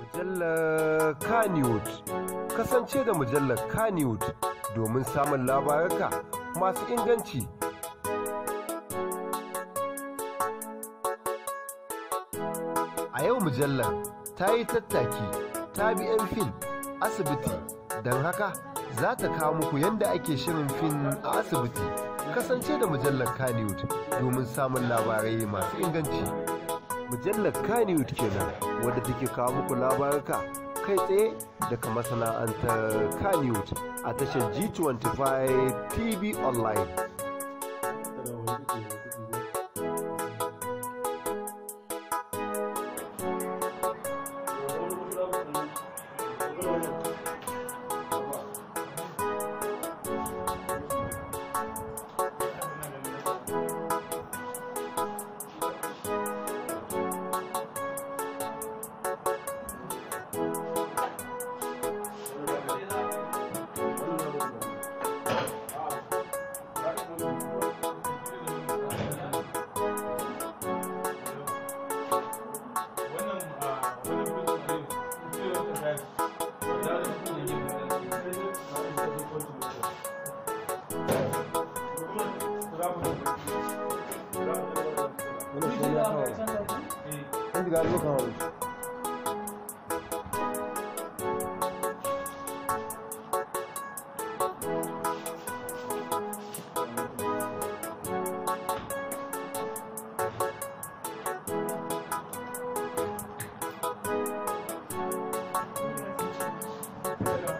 Mujallar Kannywood kasance da mujallar Kannywood domin samun labaruka masu inganci. A yau mujallar ta yi tattaki ta bi 'yan fil asibiti don haka za ta kawo muku yadda ake shirin fin a asibiti kasance da mujallar Kannywood domin samun labarai masu inganci. mujallar Kannywood kenan wadda take kawo muku labaruka kai tsaye daga masana'antar Kannywood a tashar G25 TV online. galho no ramo. Thank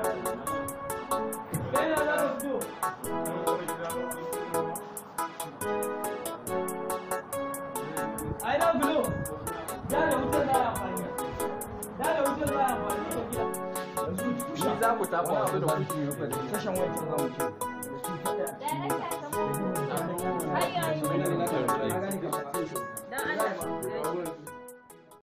za ku tafa wasu da ba yi kashin wancan zamu ce.